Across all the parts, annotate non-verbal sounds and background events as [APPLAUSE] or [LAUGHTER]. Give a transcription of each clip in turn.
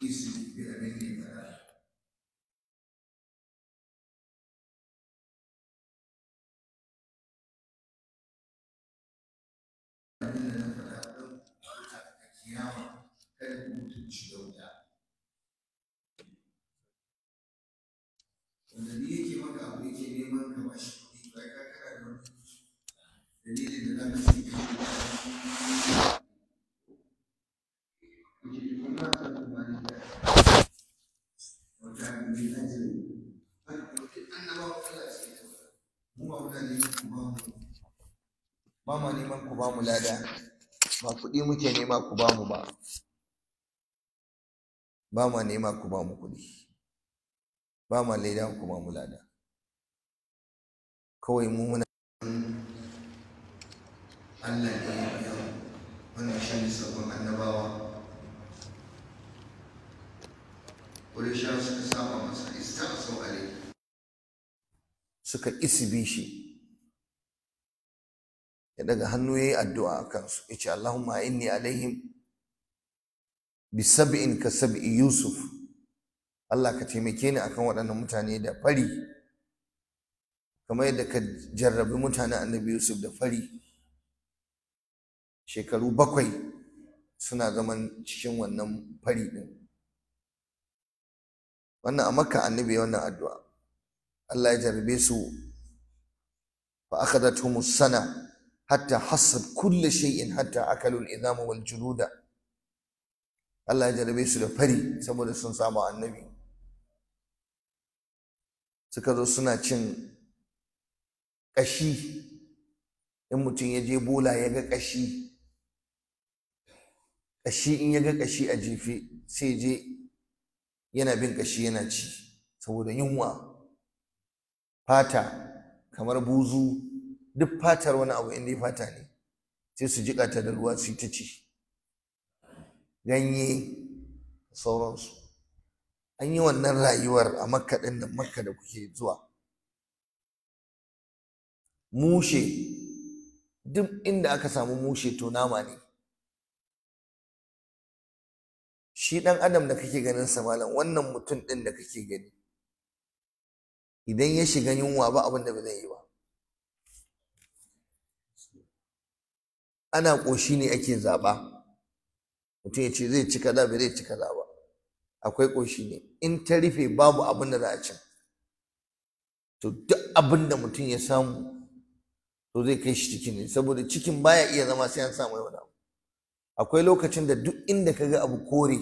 izini veramente imparare. da na faɗa don barka kiyama kada mutunci da Wanda ni yake maka abu yake neman ka bashi kuɗi ba ka kara da wani dalilin da za ka shi ba muna neman ma neman ku ba mu lada ba kuɗi muke nema ku ba mu ba ba ma nema ku ba mu kuɗi ba ma leda ku ba mu lada kawai mu muna Allah ne ya biya wannan shi ne sabon annabawa Ƙurisha suka saba masa istaqsu alaihi suka isbi shi ya daga hannu ya yi addu'a a kansu ce Allahumma inni alaihim bi sab'in ka sab'i Yusuf Allah ka taimake ni akan waɗannan mutane da fari kamar yadda ka jarrabi mutane annabi Yusuf da fari shekaru bakwai suna zaman cikin wannan fari ɗin wannan a makka annabi wannan addu'a Allah ya jarrabe su fa akhadathum sana hatta hasad kulli shay'in hatta al-idham wal juluda Allah ya jarrabe su da fari saboda sun samu annabi suka zo suna cin kashi, in mutum ya je bola ya ga kashi. Kashi in ya ga kashi a jefe sai je yana bin kashi yana ci saboda yunwa fata kamar buzu duk fatar wani abu inda fata ne sai su jiƙa ta da ruwa su ta ci ganye sauransu an yi wannan rayuwar a makka ɗin da makka da kuke zuwa mushe duk inda aka samu mushe to nama ne shi ɗan adam da kake ganin samalan malam wannan mutum ɗin da kake gani idan ya shiga yunwa ba abin da ba zai yi ba ana ƙoshi ne ake zaɓa mutum ya ce zai ci kaza ba zai ci kaza ba akwai ƙoshi ne in ta rufe babu abin da za a ci to duk abin da mutum ya samu to zai kai shi cikin ne saboda cikin baya iya zama sai an samu wani abu akwai lokacin da duk inda ka ga abu kore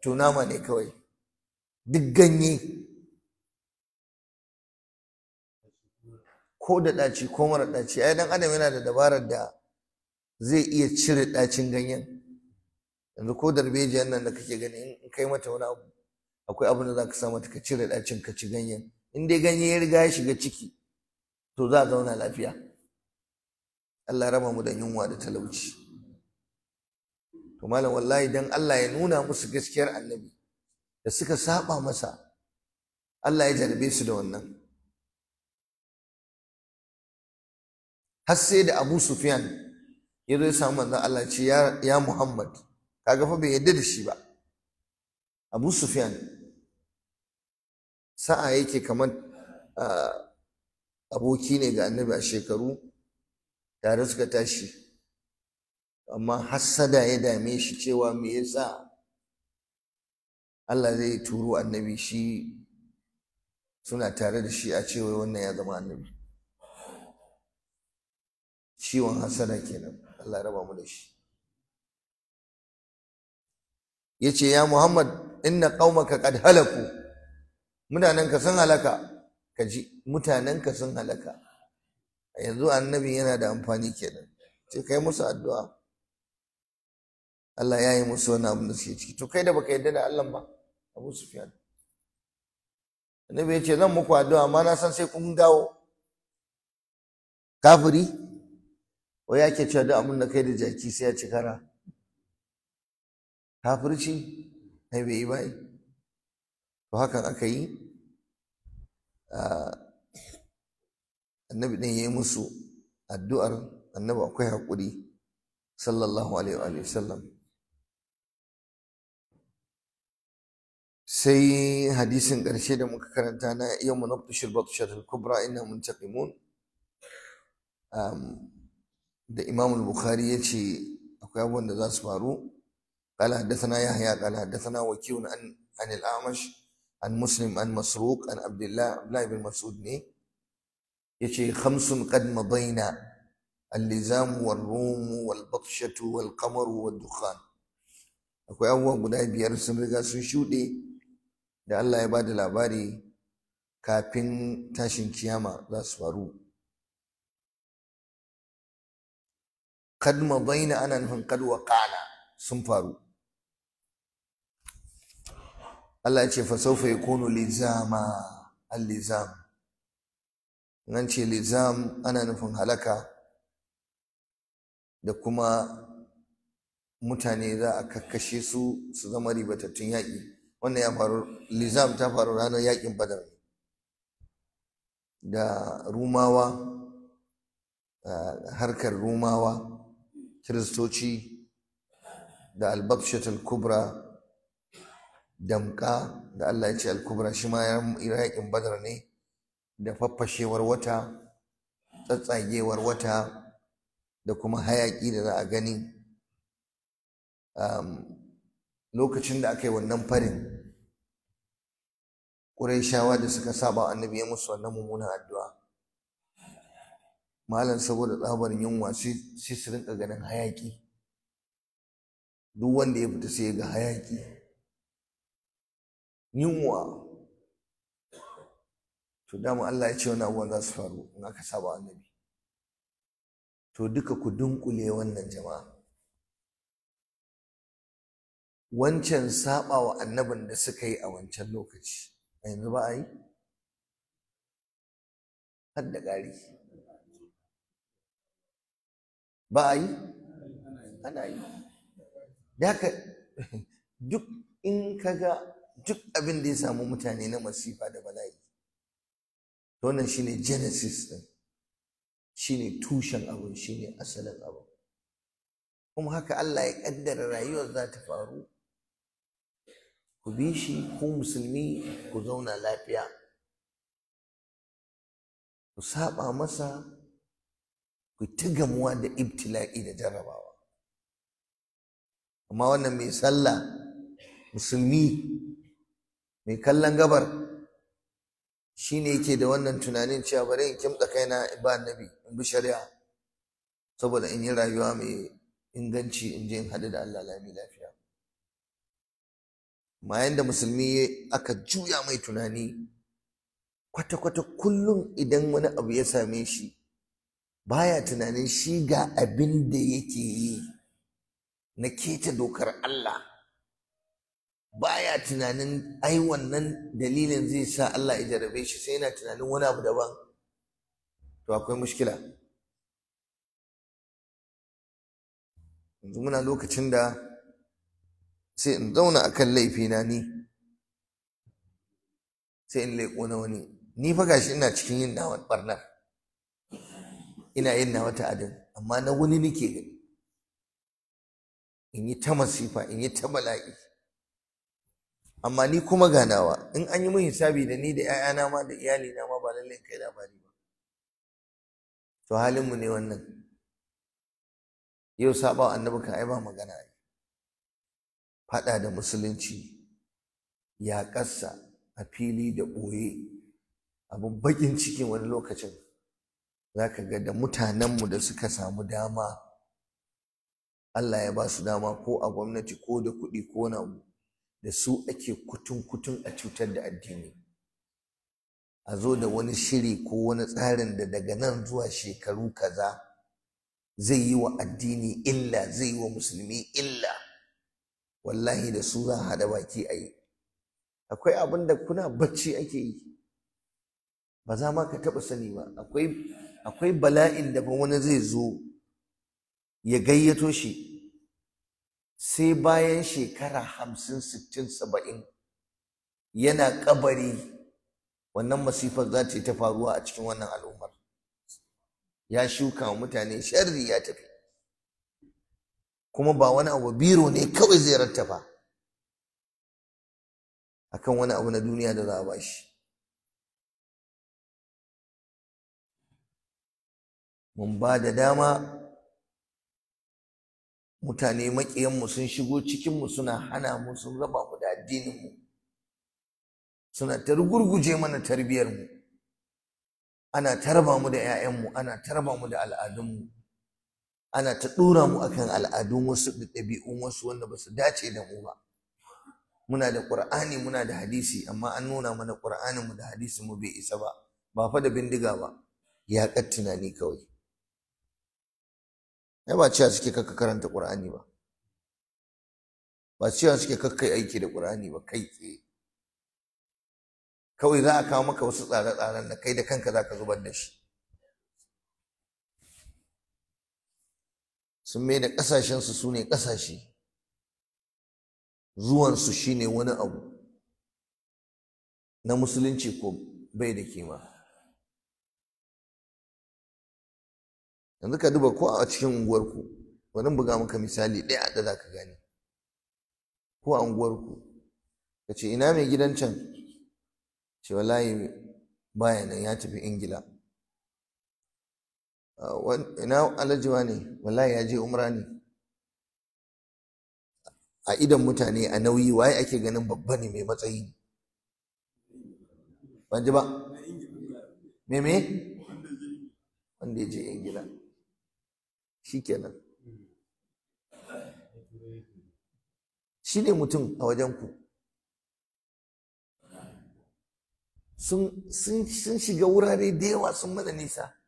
to nama ne kawai duk ganye ko da ɗaci ko mara ɗaci ai dan adam yana da dabarar da zai iya cire ɗacin ganyen yanzu ko darbejiyar nan da kake gani in kai mata wani abu akwai abin da za ka sa ka cire ɗacin ka ci ganyen in dai ganye ya riga ya shiga ciki to za a zauna lafiya Allah raba mu da yunwa da talauci to malam wallahi dan Allah ya nuna musu gaskiyar annabi da suka saba masa Allah ya jarbe su da wannan har sai da Abu Sufyan ya zo ya samu manzon Allah ce ya Muhammad kaga fa bai yadda da shi ba Abu Sufyan sa'a yake kamar aboki ne ga annabi a shekaru tare suka tashi amma hassada ya dame shi cewa me yasa Allah zai turo annabi shi suna tare da shi a cewa wannan ya zama annabi ciwon hasada kenan Allah ya raba mu da shi yace ya Muhammad inna qaumaka qad halaku mutanenka sun halaka kaji mutanenka sun halaka yanzu annabi yana da amfani kenan ce kai musu addu'a Allah ya yi musu wani abin da suke ciki to kai da baka yarda da Allah ba Abu Sufyan annabi ya ce zan muku addu'a amma na san sai kun dawo kafiri wai ke cewa da abin da kai da jaki sai ya ci kara kafirci ai bai yi bai." to hakan aka yi annabi ɗin ya yi musu addu'ar annabi akwai haƙuri sallallahu alaihi wa sallam sai hadisin ƙarshe da muka karanta na yau mu nabtu shirbat shatul kubra inna mun um, da Imamul bukhari ya ce akwai abubuwan da za su faru قال حدثنا يحيى قال حدثنا وكيع عن عن الأعمش عن مسلم عن مسروق عن عبد الله عبد الله بن مسعود ne yace khamsun qad madaina al-lizam wal-rum wal-batshatu wal-qamar wad-dukhan akwai abubuwa guda biyar sun riga sun shuɗe da Allah ya ba da labari kafin tashin kiyama za su faru kadma baina ana nufin kad waqana sun faru Allah ya ce fa ya yakunu lizama al-lizam nan ce lizam ana nufin halaka da kuma mutane za a kakkashe su su zama ribatattun yaƙi wannan ya faru lizam ta faru ranar yaƙin badar da rumawa eh, harkar rumawa kiristoci da albabshat al-kubra damka da Allah ya ce al-kubra shi ma yaƙin badar ne da faffashewar wata tsatsagewar wata da kuma hayaƙi da za a gani lokacin da aka yi wannan farin ƙurayshawa da suka saba annabi ya musu wannan mummunan addu'a malam saboda tsabar yunwa sai su rinka ganin hayaki duk wanda ya fita sai ya ga hayaki yunwa to dama Allah ya ce wani abubuwan za su faru in aka saba annabi to duka ku dunkule wannan jama'a wancan saba wa annabin da suka yi a wancan lokaci a yanzu ba a yi har da ƙari ba a yi ana yi da haka [LAUGHS] duk in ka ga duk abin da ya samu mutane na masifa da bala'i to wannan shine genesis din shine tushen abin shine asalin abin kuma haka Allah ya kaddara rayuwar za ta faru ku bi shi ku musulmi ku zauna lafiya ku saba masa ku ta gamuwa da ibtila'i da jarrabawa amma wannan mai sallah musulmi mai kallon gabar shi ne yake da wannan tunanin cewa bari in kimta kaina in ba annabi in bi shari'a saboda in yi rayuwa mai inganci in je in haɗu da Allah lami lafiya ma yanda musulmi aka juya mai tunani kwata-kwata kullum idan wani abu ya same shi baya tunanin shi ga abin da yake yi na keta dokar Allah baya tunanin ai wannan dalilin zai sa Allah ya jarabe shi sai yana tunanin wani abu daban to akwai mushkila yanzu muna lokacin da sai in zauna a kan laifina ni sai in laiko na wani ni fa gashi ina cikin yin nawa barnar ina yin na wata adon, amma na wani nake gani in yi ta masifa in yi ta bala'i amma ni kuma ganawa in an yi min hisabi da ni da 'ya'yana ma da iyali na ma ba lallai kai labari ba to halin mu ne wannan yau saba annabi ka ai ba magana ai faɗa da musulunci ya ƙasa a fili da ɓoye abin bakin ciki wani lokacin za ka ga da mutanenmu da suka samu dama Allah ya ba su dama ko a gwamnati ko da kuɗi ko na da su ake kutun-kutun a cutar da addini a zo da wani shiri ko wani tsarin da daga nan zuwa shekaru kaza zai yi wa addini illa zai yi wa musulmi illa wallahi da su za haɗa baki a yi akwai abin da kuna bacci ake yi ba za ma ka taɓa sani ba akwai akwai bala'in da wani zai zo ya gayyato shi sai bayan shekara hamsin sittin saba'in yana kabari wannan masifar za ta yi ta faruwa a cikin wannan al'ummar ya shuka wa mutane sharri ya tafi kuma ba wani abu biro ne kawai zai rattafa akan wani abu na duniya da za a bashi mun ba da dama mutane maƙiyanmu sun shigo cikinmu suna hana mu sun raba mu da addininmu suna ta rugurguje mana tarbiyyarmu ana tarba mu da 'ya'yanmu ana tarba mu da al'adunmu ana ta ɗora mu akan al'adun wasu da ɗabi'un wasu wanda ba su dace da mu ba muna da ƙur'ani muna da hadisi amma an nuna mana ƙur'aninmu da hadisi mu bai isa ba ba fa da bindiga ba ya tunani kawai ai ba cewa suke kakka karanta ƙur'ani ba ba cewa suke kakka aiki da ƙur'ani ba kai ke. kawai za a kawo maka wasu tsare-tsaren da kai da kanka za ka zubar da shi sun mai da ƙasashensu su ne ƙasashe zuwansu shi ne wani abu na musulunci ko bai da kima yanzu ka duba ko a cikin unguwarku wani buga maka misali ɗaya da za ka gane ko a unguwarku ka ce ina mai gidan can ce wallahi baya ya tafi ingila ina alajiwa ne wallahi ya je umra ne a idan mutane a nauyi waye ake ganin babba ne mai matsayi ban ji ba me me wanda ya je ingila kenan hmm. shi ne mutum a wajen ku sun shiga wurare da yawa sun mana nisa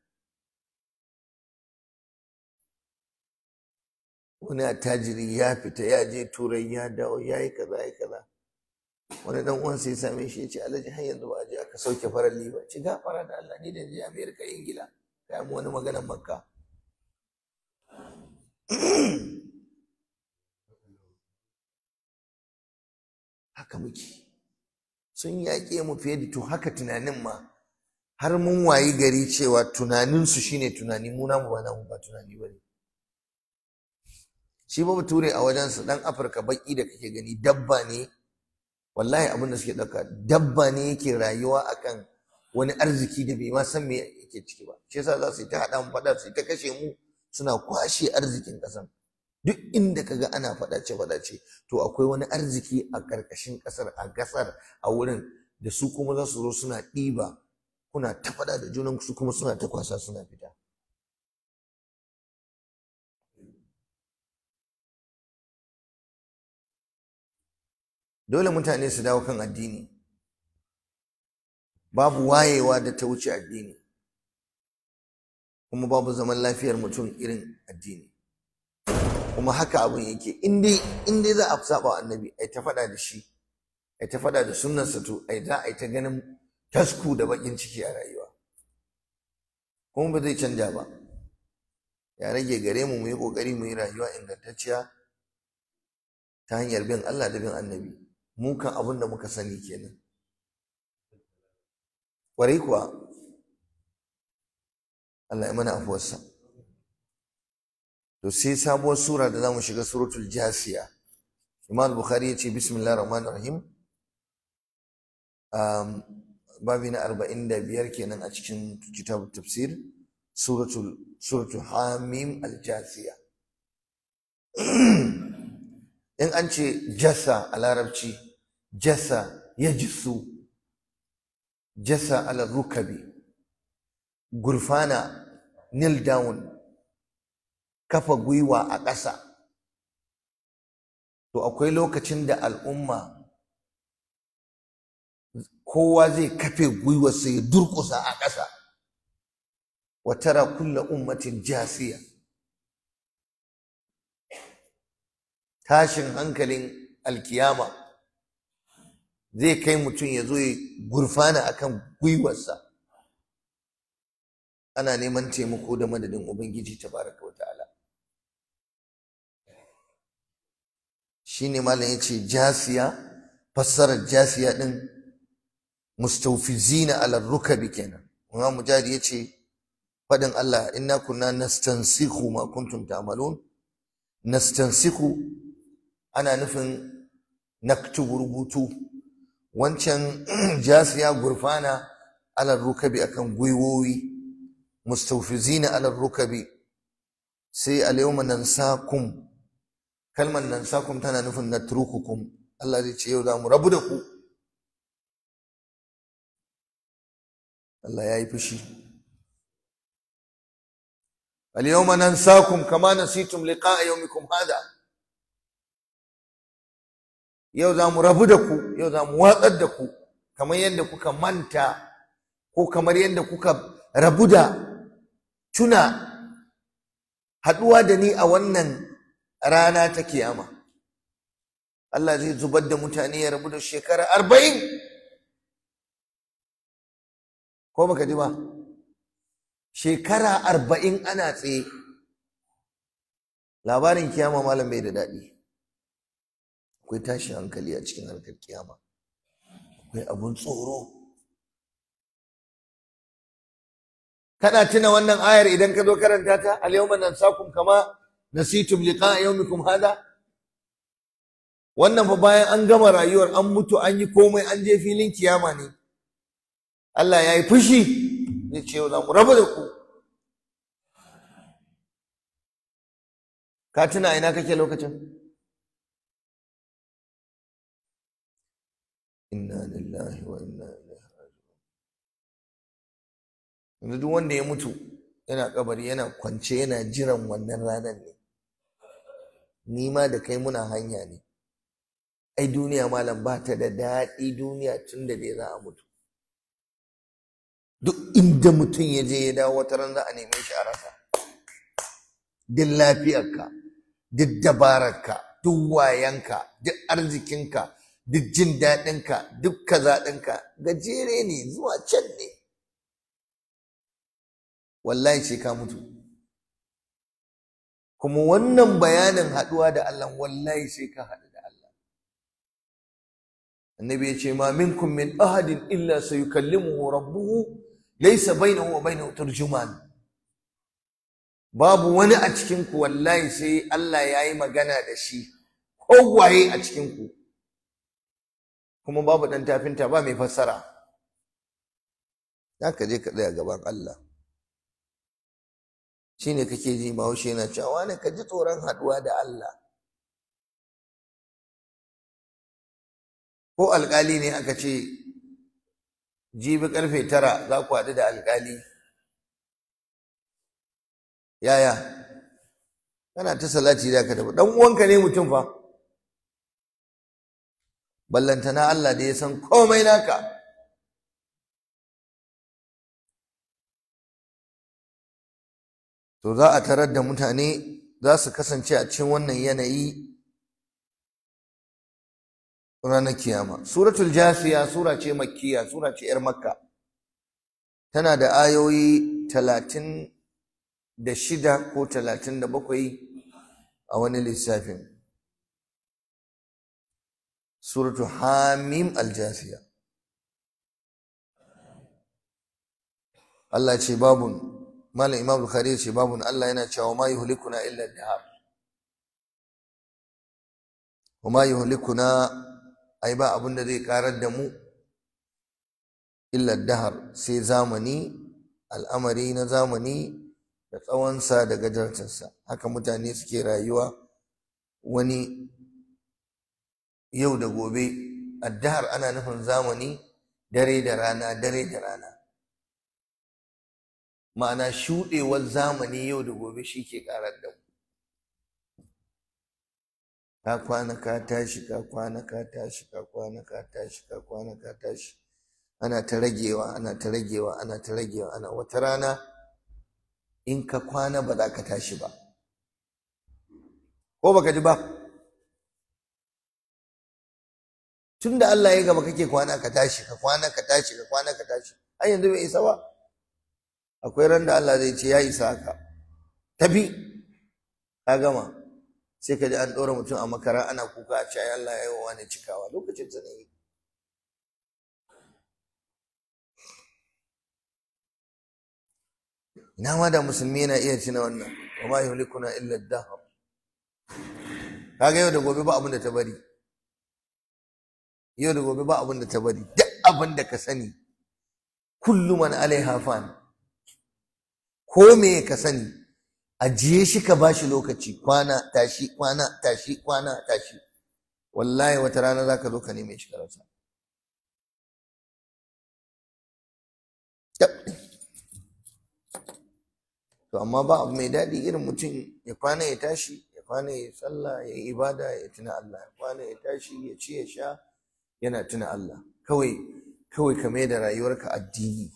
wani attajiri ya fita ya je turai ya dawo ya yi kaza ya kaza wani dan uwan sai same shi ya ce alhaji har yanzu ba a je aka sauke farar ba ci gafara da Allah ni da je ka Ingila ta mu wani maganar Makka [CLEARS THROAT] haka muke sun yaƙe mu fiye da haka tunanin ma har mun wayi gari cewa tunaninsu shine tunani mu namu ba namu ba tunani ba ne shi ba bature a wajensu dan afirka baki da kake gani dabba ne wallahi abin da suke ɗauka dabba ne yake rayuwa akan wani arziki da bai ma san me yake ciki ba shi yasa za su yi ta haɗa mu faɗa su yi ta kashe mu suna kwashe arzikin ƙasan duk inda kaga ana faɗace-faɗace to akwai wani arziki a ƙarƙashin ƙasar a gasar a wurin da su kuma za su zo suna ɗiba kuna ta faɗa da junan su kuma suna ta kwasa suna fita dole mutane su dawo kan addini babu wayewa da ta wuce addini kuma babu zaman lafiyar mutum irin addini kuma haka abin yake in dai za a saba annabi ai ta faɗa da shi ai ta faɗa da sato, to ai za a ta ganin tasku da bakin ciki a rayuwa kuma ba zai canja ba ya rage gare mu mu yi kokari mu yi rayuwa ingantacciya ta hanyar bin Allah da bin annabi mu kan abin da muka sani kenan kwarai kuwa Allah ya mana afuwarsa to sai sabuwar sura da zamu shiga suratul jasiya Imam Bukhari yace bismillahir rahmanir rahim um, babi na biyar kenan a cikin kitabut tafsir suratul suratul hamim al jasiya in an ce jasa a larabci jasa ya jisu jasa ala rukabi gurfana kneel down kafa gwiwa a ƙasa to akwai lokacin da al'umma kowa zai kafe gwiwarsa ya durƙusa a ƙasa wa tara kulla ummatin jasiya tashin hankalin alkiyama zai kai mutum ya zo gurfana akan gwiwarsa ana neman taimako da madadin ubangiji baraka wa ta'ala shine malam ce jasiya fassarar jasiya din mustawfizina ala rukabi kenan Imam Mujahid yace fadin Allah inna kunna nastansikhu ma kuntum ta'malun nastansikhu ana nufin naktubu rubutu wancan [CLEARS THROAT] jasiya gurfana ala rukabi akan gwiwowi mustawfizina ala rukabi sai al yawma nansakum kalmar nansakum tana nufin natrukukum Allah zai ce yau za mu rabu da ku yau za mu rabu da ku yau za mu watsar da ku kamar yadda kuka manta ko kamar yadda kuka rabu da tuna haɗuwa da ni a wannan rana ta kiyama Allah zai zubar da mutane ya rabu da shekara arba'in ko baka ji ba shekara arba'in ana tsaye labarin kiyama malam bai da daɗi akwai tashin hankali a cikin harkar kiyama akwai abun tsoro kana tuna wannan ayar idan ka zo karanta ta al yawma nansakum kama nasitum liqa yawmikum hada wannan fa bayan an gama rayuwar an mutu an yi komai an je filin kiyama ne Allah ya yi fushi zai ce yau za mu raba da ku ka tuna ina kake lokacin inna lillahi wa inna yanzu duk wanda ya mutu yana kabari yana kwance yana jiran wannan ranar ne ni ma da kai muna hanya ne ai duniya malam ba ta da daɗi duniya tun da dai za a mutu duk inda mutum ya je ya dawo wata ran za a neme shi a rasa duk lafiyarka duk dabararka duk wayanka duk arzikinka duk jin daɗinka duk kaza gajere ne zuwa can ne wallahi sai ka mutu kuma wannan bayanin haɗuwa da Allah wallahi sai ka haɗu da Allah annabi ya ce ma minkum min ahadin illa sayukallimuhu rabbuhu laysa bainahu wa bainahu turjuman babu wani a cikin ku wallahi sai Allah ya yi magana da shi kowaye a cikin ku. kuma babu ɗan tafinta ba mai fassara za ka je ka tsaya gaban Allah Shi shine kake ji bahaushe na cewa ne ka ji tsoron haduwa da Allah ko alkali ne aka ce jibi karfe tara za ku haɗu da alkali yaya kana ta salati da ka tafi ɗan uwanka ne mutum fa ballantana Allah da ya san komai naka to za a tarar da mutane za su kasance a cikin wannan yanayi ranar kiyama suratul jasiya sura ce makkiya sura ce yar makka tana da ayoyi talatin da shida ko talatin da bakwai a wani lissafin suratu hamim aljasiya Allah ce babun malam imam bukhari ce babu na Allah yana cewa ma yuhlikuna illa dahar wa ma yuhlikuna ai ba abin da zai karar da mu illa dahar sai zamani al'amari na zamani da tsawonsa da gajarcinsa haka mutane suke rayuwa wani yau da gobe addahar ana nufin zamani dare da rana dare da rana ma'ana shuɗewar zamani yau da gobe shi ke ƙarar da mu ka kwana ka tashi ka kwana ka tashi ka kwana ka tashi ka kwana ka tashi ana ta ragewa ana ta ragewa ana ta ragewa ana wata rana in ka kwana ba za ka tashi ba ko baka ji ba tunda Allah ya gaba kake kwana ka tashi ka kwana ka tashi ka kwana ka tashi har yanzu bai isa ba akwai ran da Allah zai ce ya isa ka tafi ka gama sai ka ji an ɗora mutum a makara ana kuka a ce Allah ya yi wa wani cikawa lokacin ta ne ina ma da musulmi na iya cina wannan wa ma yuhlikuna illa ad Ka ga yau da gobe ba abin da ta bari yau da gobe ba abin da ta bari duk abin da ka sani kullu man alaiha fan ko me ka sani ajiye shi ka bashi lokaci kwana tashi kwana tashi kwana tashi wallahi wata rana za ka zo ka neme shi karasa to amma ba abu mai daɗi irin mutum ya kwana ya tashi ya kwana ya sallah ya ibada ya tuna Allah ya kwana ya tashi ya ci ya sha yana tuna Allah kawai kawai ka mai da rayuwarka addini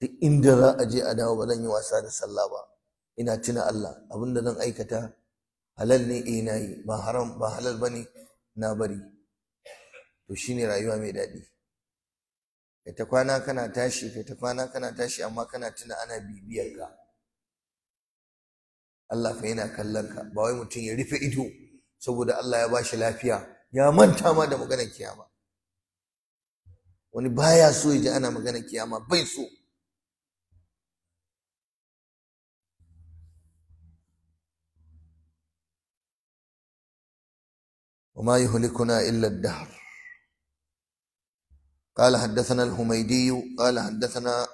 duk inda za a je a dawo ba zan yi wasa da sallah ba ina tuna Allah abin da zan aikata halal ne eh na yi ba haram ba halal bane na bari to shine rayuwa mai daɗi kai ta kwana kana tashi kai ta kwana kana tashi amma kana tuna ana bibiyar ka Allah fa yana kallon ka ba wai mutum ya rufe ido saboda Allah ya bashi lafiya ya manta ma da maganar kiyama wani baya so ya ji ana maganar kiyama bai so وما يهلكنا إلا الدهر قال حدثنا الهميدي قال حدثنا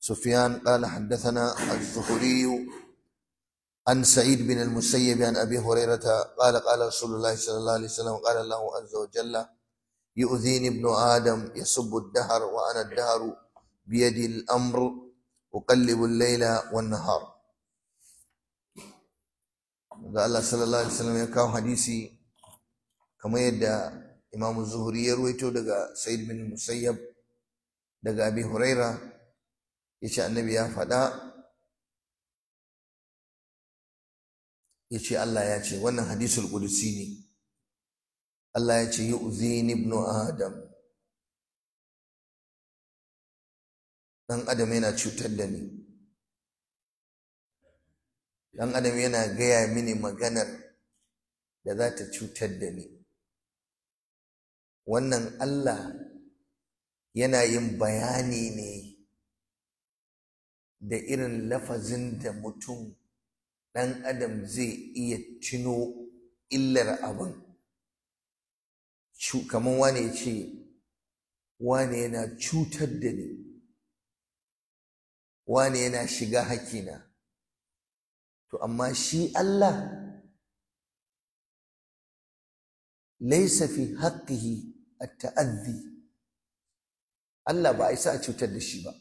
سفيان قال حدثنا الزهري عن سعيد بن المسيب عن أبي هريرة قال قال رسول الله صلى الله عليه وسلم قال الله عز وجل يؤذيني ابن آدم يسب الدهر وأنا الدهر بيدي الأمر أقلب الليل والنهار قال الله صلى الله عليه وسلم يكاو حديثي kamar yadda imamu zuhuri ya ruwaito daga sa'id bin musayyab daga abi huraira ce annabi ya faɗa ce Allah ya ce wannan hadisul qudusi ne Allah ya ce ni ibnu adam dan adam yana cutar da ni dan adam yana gaya mini maganar da za ta cutar da ni wannan Allah yana yin bayani ne da irin lafazin da mutum ɗan adam zai iya cino illar abin kamar wane ya ce wane yana cutar da ni wane yana shiga hakina to amma shi Allah laisa fi haƙƙihi at-ta'azzi Allah ba a isa a cutar da shi ba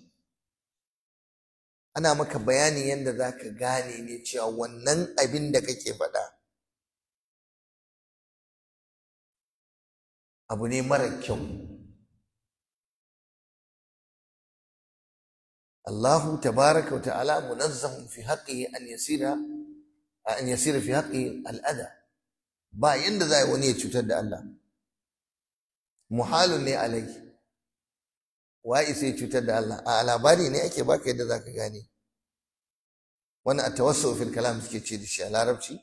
ana maka bayani yadda za ka gane ne cewa wannan abin da kake faɗa abu ne mara kyau Allahu tabaraka wa ta'ala munazzahun fi haƙi an yasira an yasira fi haƙi al'ada ba yadda za a wani ya cutar da Allah muhalun ne alai wa sai cutar da Allah a labari ne ake baka yadda zaka gane wani a tawassu fil kalam suke ce da shi a larabci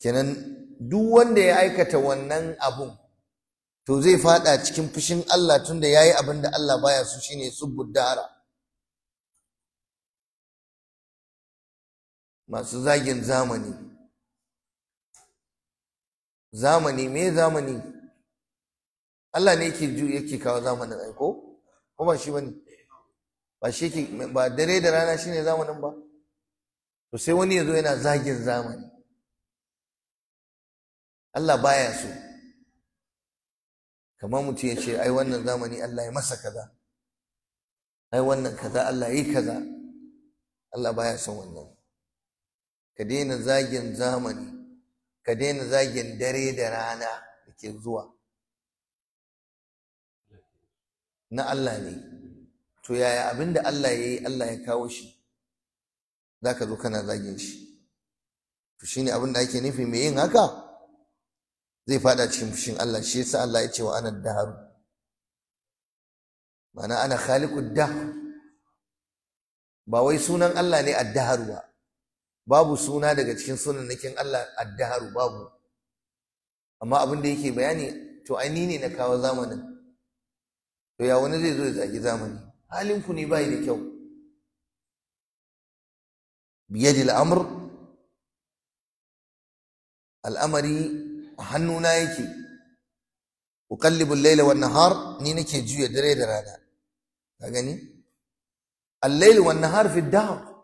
kenan duk wanda ya aikata wannan abun to zai fada cikin fushin Allah tunda yayi abin da Allah baya so shine subbud masu zagin zamani zamani me zamani Allah ne yake ju yake kawo zamanin ai ko ko ba shi bane ba shi ke ba dare da rana shine zamanin ba to sai wani yazo yana zagin zamani Allah baya so kamar mutum ya ce ai wannan zamani Allah ya masa kaza ai wannan kaza Allah yi kaza Allah baya son wannan ka daina zagin zamani ka daina zagin dare da rana da ke zuwa na Allah ne to yaya abin da Allah ya yi Allah ya kawo shi za ka zo kana zagin shi to shi ne abin da ake nufi mai yin haka zai fada cikin fushin Allah shi yasa Allah ya ce wa ana daharu ma'ana ana khaliqud dahr ba wai sunan Allah ne ad ba babu suna daga cikin sunannakin Allah addaharu babu amma abin da yake bayani to ai ni ne na kawo zamanin to ya wani zai zo ya zagi zamani halin ku ne bai da kyau biyadi al'amr al'amari a hannuna yake uqallibu al-layla wan nahar ni nake juya dare da rana ka gani al-layl wan nahar fi dahr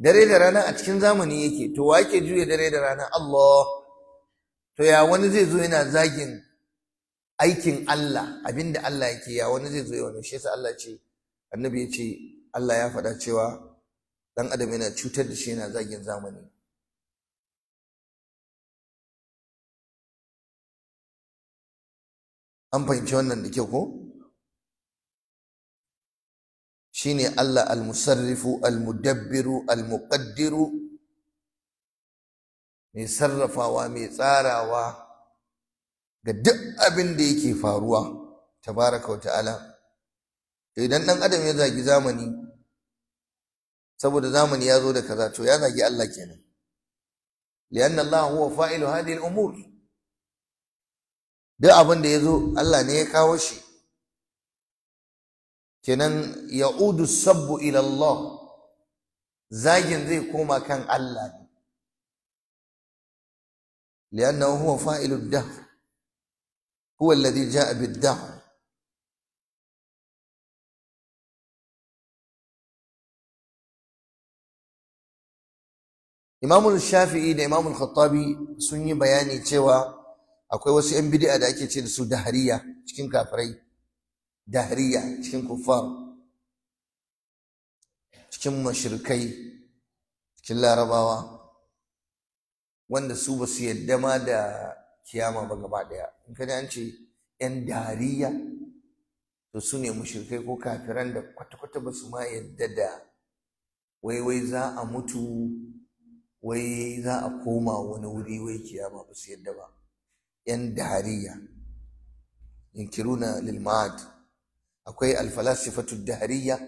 dare da rana a cikin zamani yake to wa yake juya dare da rana Allah to ya wani zai zo yana zagin aikin Allah abinda Allah yake ya wani zai zo ya wani shi yasa Allah ce annabi ya ce Allah ya faɗa cewa dan adam yana cutar da shi yana zagin zamani an fahimci wannan da kyau ko shine Allah al-musarrifu al-mudabbiru al-muqaddiru mai sarrafawa mai tsarawa ga duk abin da yake faruwa tabaraka wa ta'ala idan dan adam ya zagi zamani saboda zamani ya zo da kaza to ya zagi Allah kenan lianna Allah huwa fa'ilu hadhihi al-umur duk abin da ya zo Allah ne ya kawo shi kenan ya'udu sabbu ila Allah zagin zai koma kan Allah ne لأنه هو فاعل الدهر هو الذي جاء بالدهر Imam Shafi'i da Imam Khattabi sun yi bayani cewa akwai wasu 'yan bid'a da ake ce da su dahariya cikin kafirai dahriya cikin kufar cikin mashirkai cikin larabawa wanda su ba su yadda ma da kiyama ba gaba daya in ka an ce yan dariya to su ne mashirkai ko kafiran da kwata-kwata ba su ma yadda da wai za a mutu wai za a koma wani wuri wai kiyama ba su yadda ba yan dariya yankiruna lil akwai alfalasifatu dahariya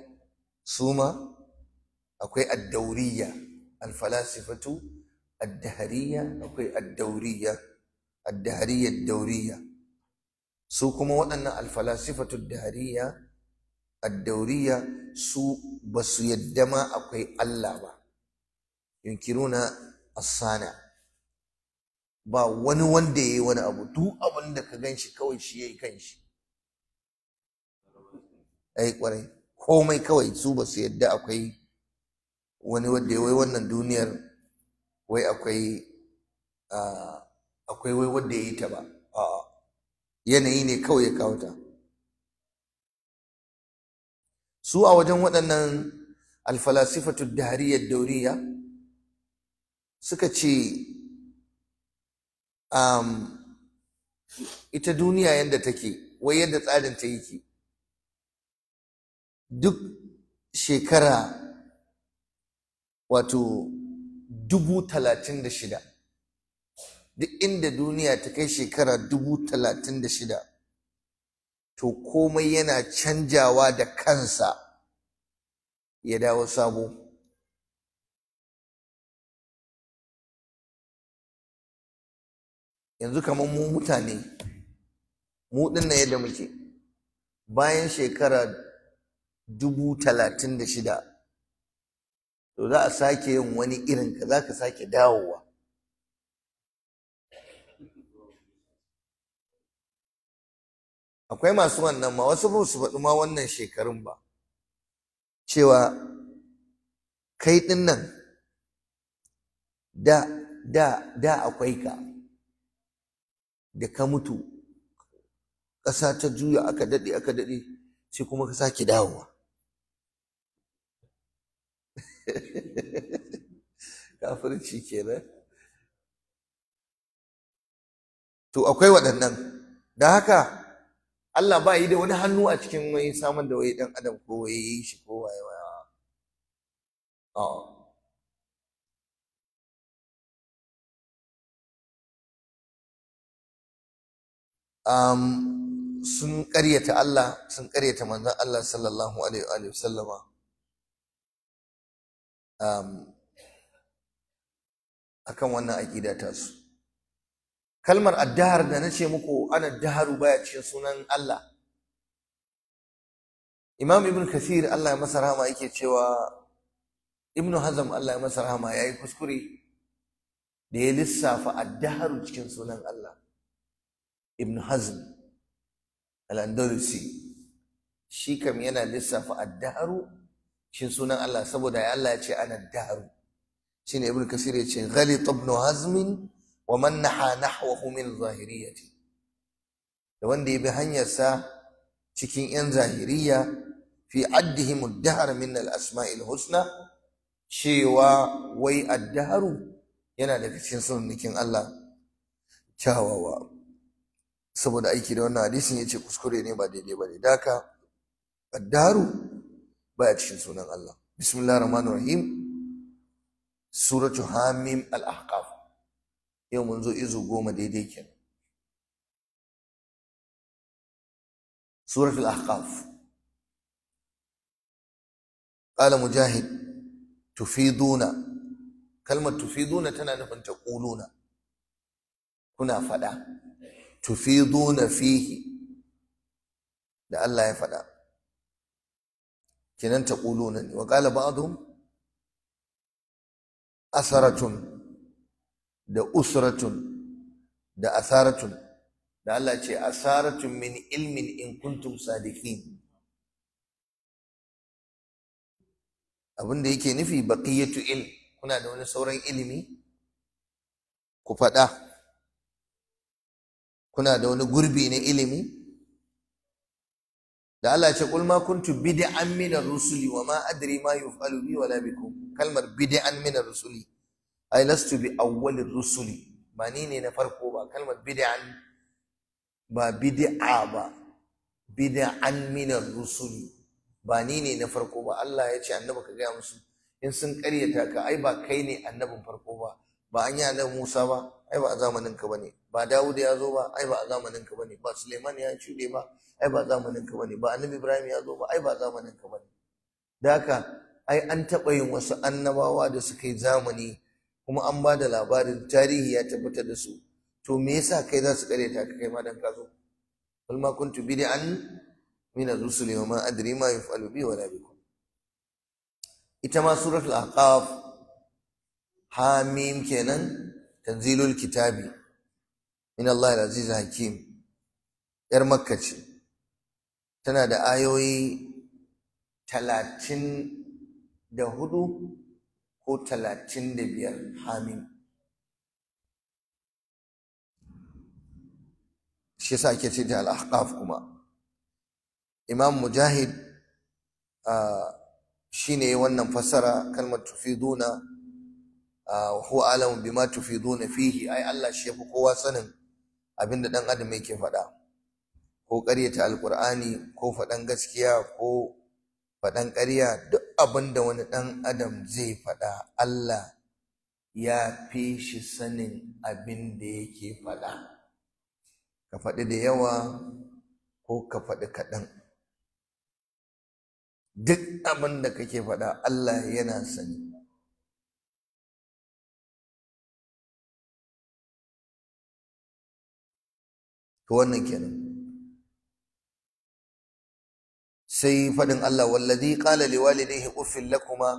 suma akwai addauriya alfalasifatu addahariya akwai addauriya addahariya dauriya su kuma waɗannan alfalasifatu dahariya addauriya su ba su yadda ma akwai Allah ba yunkiruna asana ba wani wanda ya yi wani abu duk abin da ka gan shi kawai shi ya yi kan shi ai kwarai komai kawai su ba su yadda akwai wani wanda ya wai wannan duniyar wai akwai akwai wai wanda ya yi ta ba yanayi ne kawai ya kawo ta su a wajen waɗannan alfalasifatu dahariyar dauriya suka ce ita duniya yadda take wai yadda tsarin ta yake duk shekara wato dubu talatin da shida duk inda duniya ta kai shekara dubu talatin da shida to komai yana canjawa da kansa ya dawo sabo yanzu kamar mu mutane mu ɗin na yadda muke bayan shekara dubu talatin da shida to za a sake yin wani irin ka za ka sake dawowa akwai masu wannan ma wasu basu su faɗi ma wannan shekarun ba cewa kai ɗin nan da da da akwai ka da ka mutu ƙasa ta juya aka daɗe aka daɗe sai kuma ka sake dawowa [LAUGHS] kafirci kenan to akwai waɗannan da haka Allah ba yi da wani hannu a cikin wani samun da wai ɗan adam ko wai yi shi ko waye waye um, sun ƙaryata Allah sun ƙaryata manzon Allah sallallahu alaihi wa sallama Um, akan wannan aƙida ta su kalmar addahar da na ce muku ana daharu baya cikin sunan Allah Imam Ibn Kathir Allah ya masa rahama yake cewa Ibn Hazm Allah ya masa rahama yayi kuskure da ya lissafa addaharu cikin sunan Allah Ibn Hazm Al-Andalusi shi kam yana lissafa addaharu Shin sunan Allah saboda Allah ya ce ana daru shine ibn kasir ya ce ghalit ibn wa man naha nahwahu min zahiriyati da wanda ya bi hanyarsa cikin yan zahiriya fi addihim ad-dahr min al-asma'il husna cewa wai ad-dahru yana daga cikin sunnikin Allah kyawawa saboda aiki da wannan hadisin yace kuskure ne ba daidai ba ne daka ad-dahru baya cikin sunan Allah bismillahir rahmanir rahim suratu hamim al ahqaf yau mun zo izu goma daidai kenan Suratu ahqaf ƙala mujahid tufiduna kalmar tufiduna tana nufin taquluna kuna faɗa tufiduna fihi da Allah ya faɗa kenan taquluna wa qala ba'dhum asaratun da usratun da asaratun da Allah ce asaratun min ilmin in kuntum sadiqin abin da yake nufi baqiyatu ilm kuna da wani sauran ilimi ku faɗa kuna da wani gurbi na ilimi da Allah ce kul ma kuntu bid'an min ar-rusuli wa ma adri ma yuf'alu bi wala bikum kalmar bid'an min ar-rusuli ai lastu bi awwalir rusuli ba ni ne na farko ba kalmar bid'an ba bid'a ba bid'an min ar-rusuli ba ni ne na farko ba Allah ya ce annabi ka gaya musu in sun karyata ka ai ba kai ne annabin farko ba ba an yi annabi Musa ba ai ba a zamanin ka bane ba Dawud ya zo ba ai ba a zamanin ka bane ba Suleiman ya shuɗe ba ai ba a zamanin ka bane ba Annabi Ibrahim ya zo ba ai ba a zamanin ka bane da haka ai an taɓa yin wasu annabawa da suka yi zamani kuma an ba da labarin tarihi ya tabbatar da su to me yasa kai za su karyata ka kai ma dan ka zo kul ma kuntu bid'an min ar-rusuli wa ma adri ma yaf'alu bi la bikum ita ma suratul ahqaf hamim kenan tanzilul kitabi min Allah al-aziz hakim yar makka ce tana da ayoyi talatin da hudu ko talatin da biyar hamin shi yasa ake ce da al-ahqaf kuma imam mujahid ah, shine wannan fassara kalmar tufiduna Ah, huwa alamu bima tufiduna fihi ai Allah shi yafi kowa sanin abinda dan adam yake faɗa ko ta alqur'ani ko faɗan gaskiya ko faɗan ƙarya duk abinda wani dan adam zai faɗa Allah ya fi shi sanin abinda yake faɗa ka faɗi da yawa ko ka faɗi kaɗan duk abinda kake faɗa Allah yana sani to wannan kenan sai faɗin Allah wallazi qala liwalidayhi uffil lakuma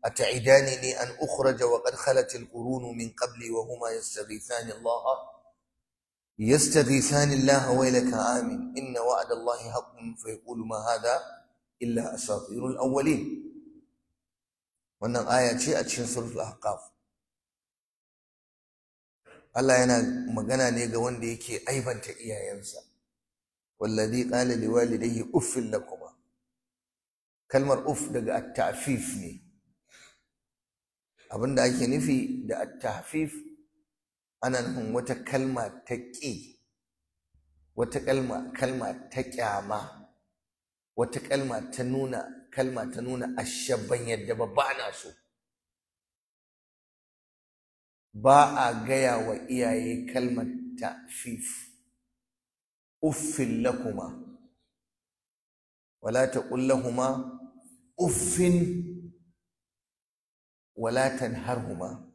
ata'idani an ukhraja wa qad khalat alqurun min qabli wa huma yastaghithani Allah yastaghithani Allah waylaka amin inna wa'da Allah haqqun fa yaqulu ma hadha illa asatirul awwalin wannan aya ce a cikin suratul ahqaf Allah yana magana ne ga wanda yake aibanta iyayensa wallazi qala liwalidayhi uffin lakuma kalmar uff daga at-ta'fif ne abinda ake nufi da at ana nufin wata kalma ta ƙi wata kalma kalma ta ƙyama wata kalma ta nuna kalma ta nuna ashabban yadda ba ba na so ba a gaya wa iyaye kalmar ta'fif uffin lakuma wala taqul lahuma uffin wala tanharhuma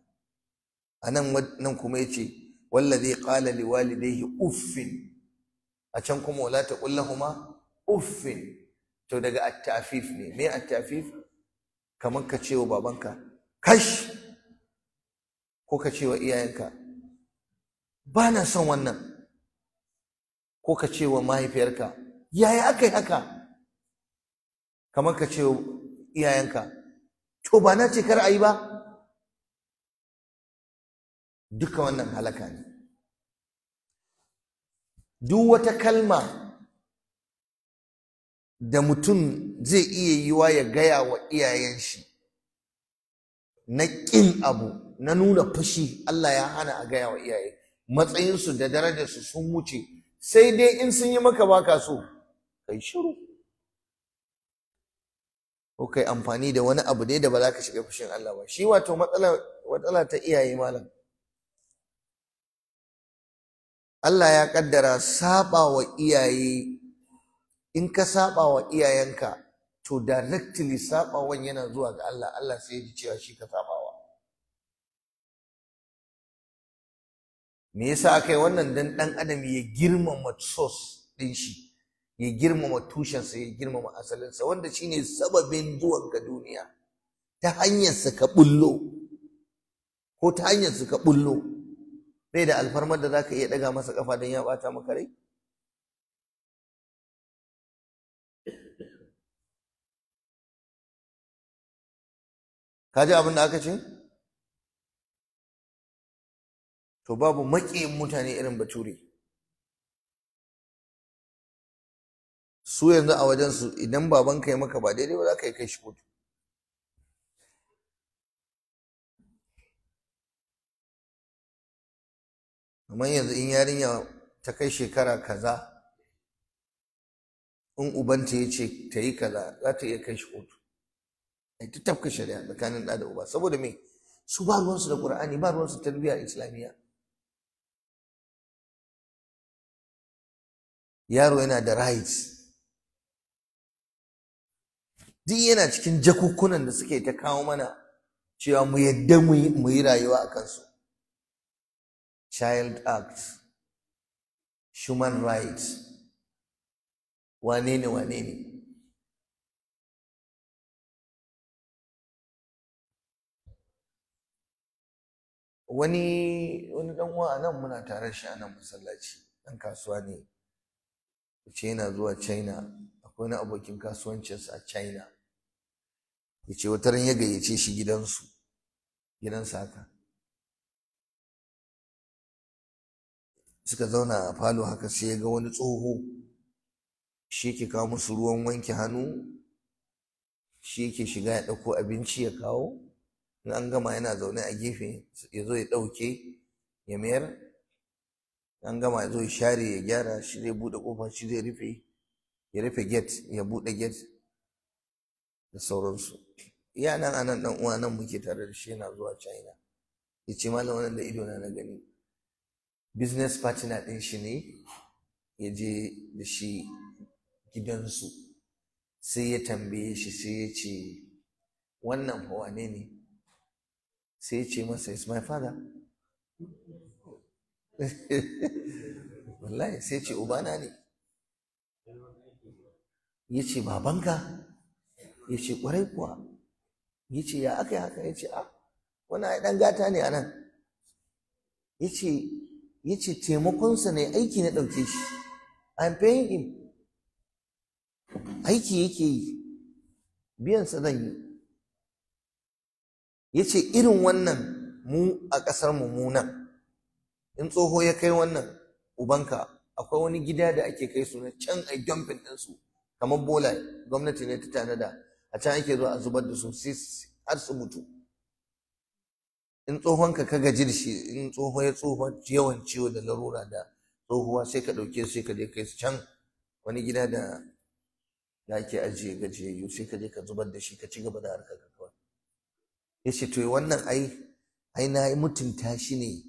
A nan kuma yace wallazi qala liwalidayhi uffin a can kuma wala taqul lahuma uffin to daga at-ta'fif ne me at-ta'fif kamar ka ce wa babanka kash ko ka ce wa iyayenka ba na son wannan ko ka ce wa mahaifiyarka yaya aka yi haka kamar ka ce wa iyayenka to ba na ce kar a yi ba duka wannan halaka ne duk wata kalma da mutum zai iya yiwa ya gaya wa iyayen shi na ƙin abu na nuna fashi Allah ya hana a gaya wa iyaye matsayinsu da darajarsu sun wuce sai dai in sun yi maka baka so kai shiru ko kai amfani da wani abu ne da ba za ka shiga fashin Allah ba shi wato matsala matsala ta iyaye malam Allah ya kaddara saba wa iyaye in ka saba wa iyayenka to directly wani yana zuwa ga Allah Allah sai ya ji cewa shi ka saba me yasa aka yi wannan dan dan adam ya girmama source din shi ya girmama tushensa ya girmama asalinsa wanda shine sababin zuwan ka duniya ta hanyar sa ka bullo ko ta hanyar sa ka bullo bai da alfarmar da zaka iya daga masa kafa don ya bata maka rai ka ji abin da aka ce to babu maƙiyin mutane irin bature su yanzu a wajensu idan babanka yi maka ba daidai ba za ka yi kai shi kotu kamar yanzu in yarinya ta kai shekara kaza in ubanta ya ce ta yi kaza za ta iya kai shi kotu ai ta tafka shari'a tsakanin ɗa uba saboda me su ba ruwansu da ƙur'ani ba ruwansu tarbiyya islamiyya yaro yana da rights duk yana cikin jakukunan da suke ta kawo mana cewa mu yadda mu yi rayuwa a kansu child act human rights wane ne wane ne wani dan uwa nan muna tare shi a nan masallaci dan kasuwa ne ce yana zuwa china akwai na abokin kasuwancinsa a china ya ce wata ran ya gayyace shi gidansu gidansa haka suka zauna a falo haka sai ya ga wani tsoho shi ke kawo musu ruwan wanke hannu shi ke shiga ya ɗauko abinci ya kawo in an gama yana zaune a gefe ya zo ya ɗauke ya mayar an gama ya zo ya share ya gyara shi zai buɗe ƙofa shi zai rufe ya rufe gate ya buɗe gate da sauransu iya nan a nan ɗan uwa nan muke tare da shi yana zuwa china ya ce malam wannan da ido na na gani business partner ɗin shi ne ya je da shi gidansu sai ya tambaye shi sai ya ce wannan hawa ne ne sai ya ce masa is my father [LAUGHS] wallahi sai ce ubana ne ya ce babanka ya ce ƙwarai kuwa ya ce ya aka yi haka ya ce a ah, wani ai dan gata ne a nan ya ce ya ce taimakonsa ne aiki na ɗauke shi I'm paying him aiki yake yi biyansa zan yi ya ce irin wannan mu a ƙasar mu nan in tsoho ya kai wannan ubanka akwai wani gida da ake kai su na can a dumping ɗinsu kamar bola gwamnati ne ta tanada a can ake zuwa a zubar da su har su mutu in tsohonka ka gaji da shi in tsoho ya tsoho yawan ciwo da larura da tsohuwa sai ka ɗauke su sai ka je kai su can wani gida da da ake ajiye gajiyayyu sai ka je ka zubar da shi ka ci gaba da harkar kawai ya ce to wannan ai ai na mutunta shi ne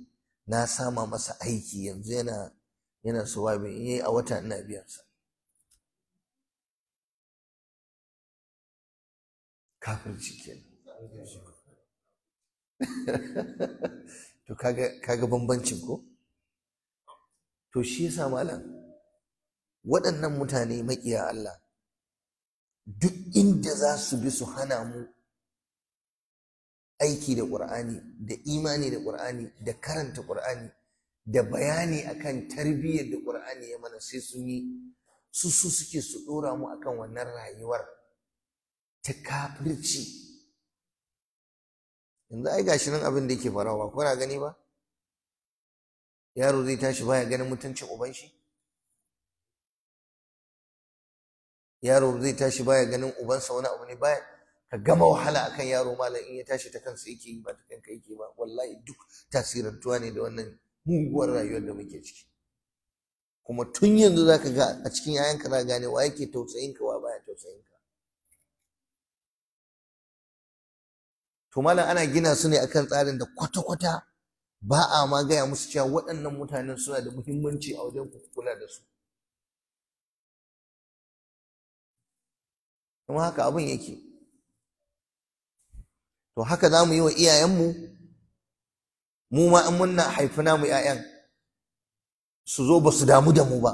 na sama masa aiki yanzu yana yana suwabin in yayi a wata ina biyan sa Kafin cike, [LAUGHS] to kaga kaga bambancin ko to shi yasa malam waɗannan mutane maƙiya Allah duk inda za su bi su hana mu aiki da ƙur'ani da imani da ƙur'ani da karanta ƙur'ani da bayani akan tarbiyyar da ƙur'ani ya mana sai sun yi su su suke su ɗora mu akan wannan rayuwar ta kafirci yanzu ai gashi nan abin da yake farawa kuna gani ba yaro zai tashi baya ganin mutuncin uban shi yaro zai tashi baya ganin ubansa wani abu ne baya ka gama wahala akan yaro malam in ya tashi ta kansa yake yi ba ta kanka yake ba wallahi duk tuwa ne da wannan muguwar rayuwar da muke ciki kuma tun yanzu za ka ga a cikin yayanka za gane wa yake tausayin ka wa baya tausayin ka to malam ana gina su ne akan tsarin da kwata-kwata ba a ma gaya musu cewa waɗannan mutanen suna da muhimmanci a wajen ku kula da su kuma haka abin yake to haka za mu yi wa iyayenmu mu ma an muna haifi namu 'ya'yan su zo ba su damu da mu ba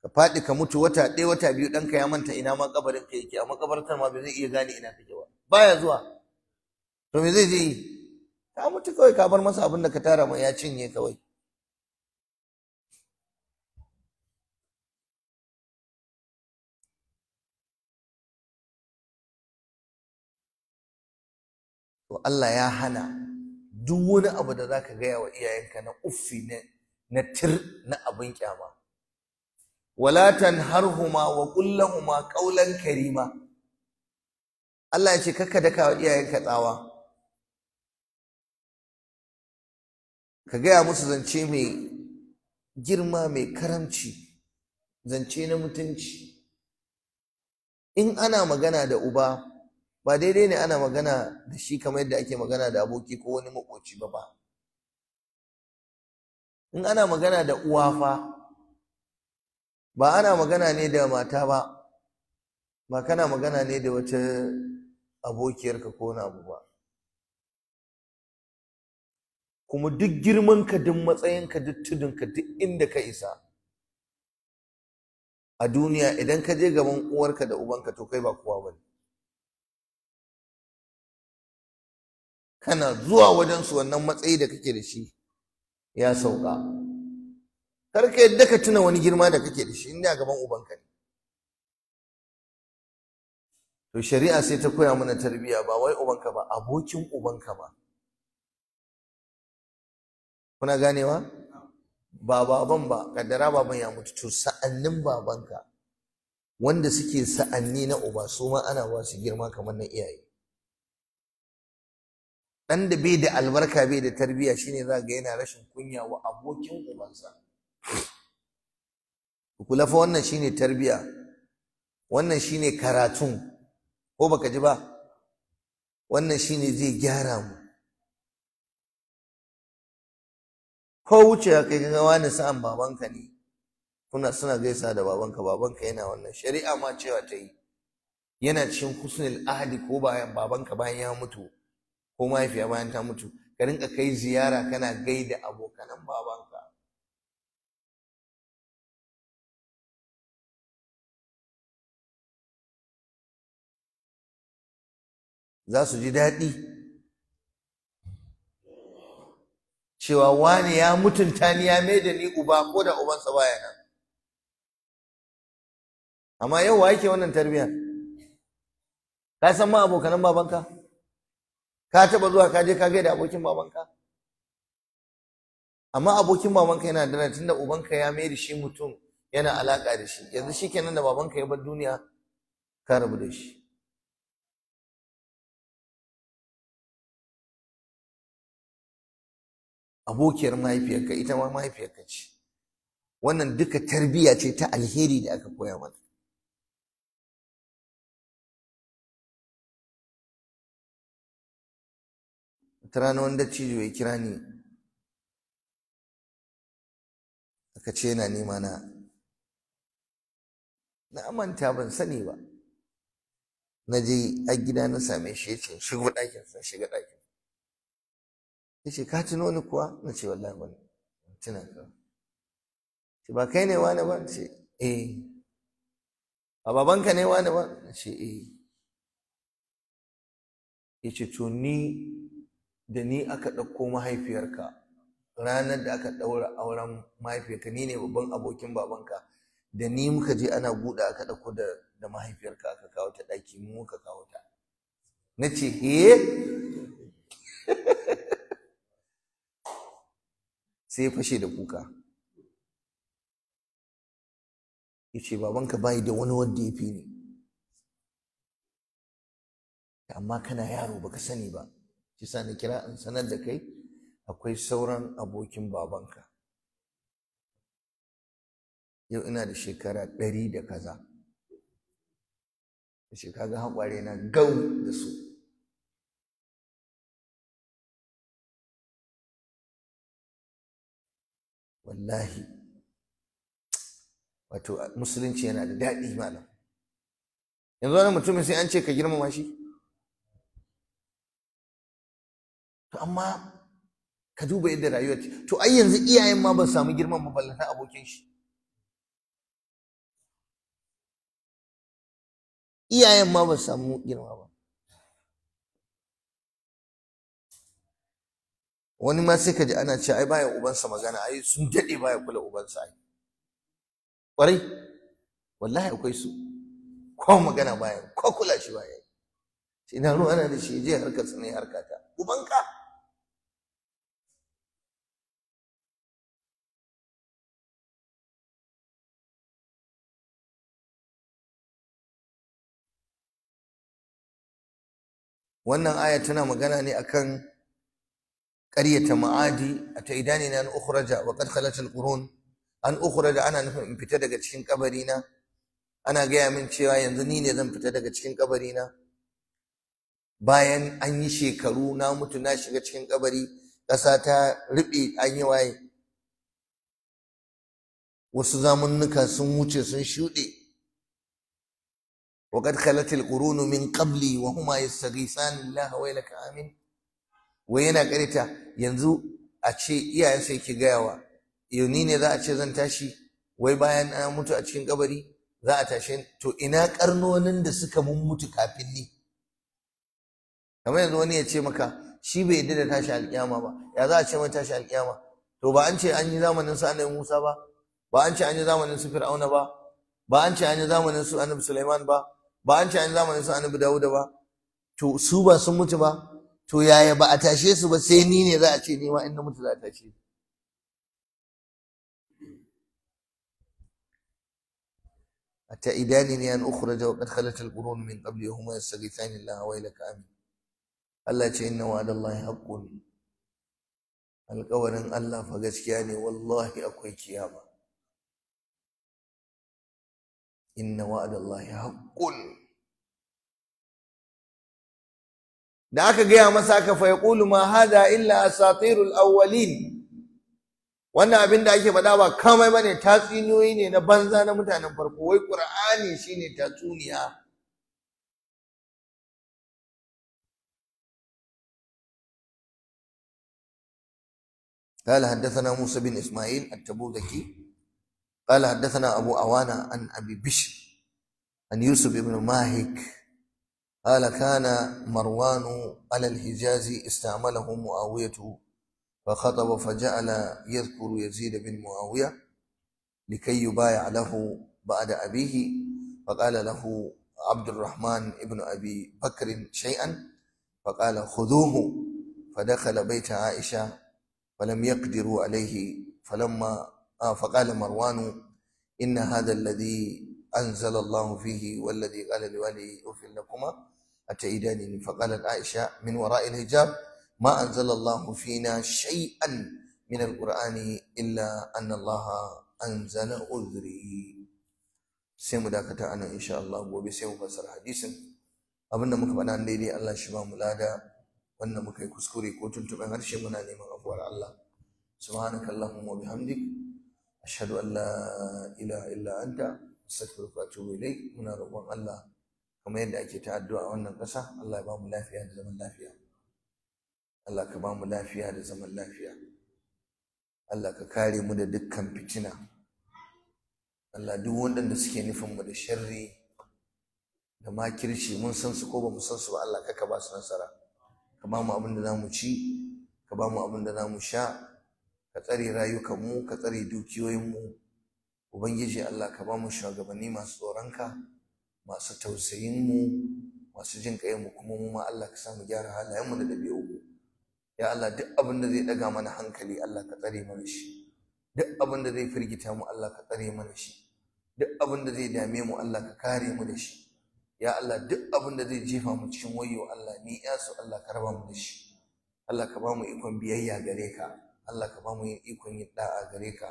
ka faɗi ka mutu wata ɗaya wata biyu ɗanka ya manta ina ma kabarin ka yake amma kabartar ma ba zai iya gane ina kake ba baya zuwa to me zai je yi ka mutu kawai ka bar masa abin da ka tara mai ya cinye kawai to Allah ya hana duk wani abu da zaka gaya wa iyayenka na uffi ne na tir na abin kyama wala tanharhuma wa qul lahumu qawlan karima Allah ya ce kakka daka wa iyayenka tsawa ka gaya musu zance mai girma mai karamci zance na mutunci in ana magana da uba ba daidai ne ana magana da shi kamar yadda ake magana da aboki ko wani makoci ba ba in ana magana da uwa fa ba ana magana ne da mata ba ba kana magana ne da wata abokiyarka ko wani abu ba kuma duk girmanka duk matsayinka duk tudunka duk inda ka isa a duniya idan ka je gaban uwarka da ubanka to kai ba kowa bane kana zuwa wajen su wannan matsayi da kake da shi ya sauka kar ka yadda ka tuna wani girma da kake da shi inda gaban ubanka ne to shari'a sai ta koya mana tarbiyya ba wai ubanka ba abokin ubanka ba kuna ganewa ba baban ba kaddara baban ya mutu to sa'annin babanka wanda suke sa'anni na uba su ma ana ba su girma kamar na iyaye dan da bai da albarka bai da tarbiya shine za ga yana rashin kunya wa abokin ubansa kula fa wannan shine tarbiya wannan shine karatun ko baka ji ba wannan shine zai gyara mu ko wuce kai ga wani sa'an babanka ne kuna suna gaisa da babanka babanka yana wannan shari'a ma cewa ta yi yana cikin kusnul ahdi ko bayan babanka bayan ya mutu ko mahaifiya bayan ta mutu ka rinka kai ziyara kana gaida abokanan babanka za su ji daɗi cewa wani ya mutunta ni ya mai da ni uba ko da ubansa baya nan amma yau wa yake wannan tarbiyyar ka san ma abokanan babanka ka taɓa zuwa ka je ka gaida abokin babanka amma abokin babanka yana da tunda ubanka ya mai da shi mutum yana alaka da shi yanzu shi kenan da babanka ya bar duniya ka rabu da shi abokiyar mahaifiyarka ita ma mahaifiyarka ce wannan duka tarbiyya ce ta alheri da aka koya mana ta rana wanda cizo ya kira ni aka ce yana nema na na amanta ban sani ba na je a gida na same shi ya ce shiga ɗakin sa shiga ɗakin ya ce ka tuno ni kuwa na ce wallahi ban tuna ka ce ba kai ne wani ba ce eh ba babanka ne wani ba na ce eh ya ce to ni da ni aka ɗauko mahaifiyarka ranar da aka ɗaura auren mahaifiyarka ni ne babban abokin babanka da ni muka je ana buɗe aka ɗauko da, da mahaifiyarka aka kawo ta ɗaki mu muka kawo ta na ce he [LAUGHS] sai fashe da kuka ya ce babanka bayi da wani wanda ya fi ni amma kana yaro baka sani ba shi sa kira in sanar da kai akwai sauran abokin babanka yau ina da shekara ɗari da kaza shi ga haƙware na gau da su wallahi wato musulunci yana da daɗi malam yanzu wani mutumin sai an ce ka girmama shi to amma ka duba yadda rayuwa ce to ai yanzu iyayen ma ban samu girman maballata abokin shi iyayen ma ban samu girma ba wani ma sai ka ji ana cewa ai baya ubansa magana ai sun daɗe baya kula ubansa ai ƙwarai wallahi akwai su ko magana baya ko kula shi baya sai na ruwa ana da shi je harkar sa ne harkata ubanka wannan aya tana magana ne akan ƙaryata ma'adi a ta idani na an ukhraja wa qad khalat al-qurun an ukhraja ana nufin in fita daga cikin na ana gaya min cewa yanzu ni ne zan fita daga cikin kabarina bayan an yi shekaru na mutu na shiga cikin kabari ƙasa ta riɓe an yi waye wasu zamunnuka sun wuce sun shuɗe وقد خلت القرون من قبلي وهما يستغيثان الله ويلك آمين وينا قريتا ينزو أتشي إيا يسي كيغاوا يونيني ذا أتشي زن تاشي ويباين أنا متو أتشين قبري ذا أتشين تو إنا كرنونن دا سكا ممتو كابني كما ينزو وني أتشي مكا شي بي دي تاشي على القيامة با يا ذا أتشي ما تاشي على القيامة تو با أنشي أني زامن إنسان موسى با ba an ce an yi zamanin با fir'auna ba ba an ce an yi zamanin ba an ce an zamanin su annabi da ba to su ba sun mutu ba to yaya ba a tashe su ba sai ni ne za a ce ni ma inda mutu za a tashe an أتئدانني أن أخرج وقد خلت القرون من قبلي وهما يستغيثان الله ويلك آمين Allah ce inna wa Allah haqqun alƙawarin Allah fa gaskiya ne wallahi akwai kiyama inna wa'adallahi haqqun da aka gaya masa aka fa yaqulu ma hada illa asatirul awwalin wannan abin da ake faɗa ba kamai bane tatsuniyoyi ne na banza na mutanen farko wai qur'ani shine tatsuniya قال حدثنا موسى بن اسماعيل التبوذكي قال حدثنا أبو أوانا عن أبي بشر عن يوسف بن ماهك قال كان مروان على الحجاز استعمله معاوية فخطب فجعل يذكر يزيد بن معاوية لكي يبايع له بعد أبيه فقال له عبد الرحمن ابن أبي بكر شيئا فقال خذوه فدخل بيت عائشة فلم يقدروا عليه فلما فقال مروان إن هذا الذي أنزل الله فيه والذي قال لولي أفل لكما أتعيدانني فقالت عائشة من وراء الحجاب ما أنزل الله فينا شيئا من القرآن إلا أن الله أنزل أذري سيما داكتا أنا إن شاء الله وبسيما فسر حديثا أبنا مكبنا ليلي الله شبا ملادا وأن مكي كسكوري كوتنتم أغرشي منا نيما أفوار الله سبحانك اللهم وبحمدك أشهد أن لا إله إلا أنت أستغفرك وأتوب إليك من ربنا Allah. kamar yadda ake ta addu'a a wannan ƙasa Allah ya ba mu lafiya da zaman lafiya Allah ka ba mu lafiya da zaman lafiya Allah ka kare mu da dukkan fitina Allah duk waɗanda suke nufin mu da sharri da makirci mun san su ko ba mu san su ba Allah ka ba su nasara ka ba mu abin da za mu ci ka ba mu abin da za mu sha ka tsare mu, ka tsare dukiyoyinmu ubangiji Allah ka ba mu shugabanni masu tsoronka masu tausayinmu masu jin mu kuma mu ma Allah ka samu gyara halayenmu da ɗabi'unmu ya Allah duk abin da zai ɗaga mana hankali Allah ka tsare mana shi duk abin da zai firgita mu Allah ka tsare mana shi duk abin da zai dame mu Allah ka kare mu da shi ya Allah duk abin da zai jefa mu cikin wayo Allah ni ya su Allah ka raba mu da shi Allah ka ba mu ikon biyayya gare ka Allah ka ba mu ikon yin da'a gare ka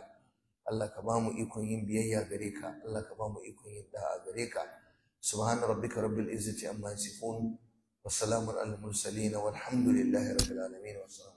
Allah ka ba mu ikon yin biyayya gare ka Allah ka ba mu ikon yin da'a gare ka subhan rabbika rabbil an amma yasifun wa salamun al mursalin walhamdulillahi rabbil alamin wa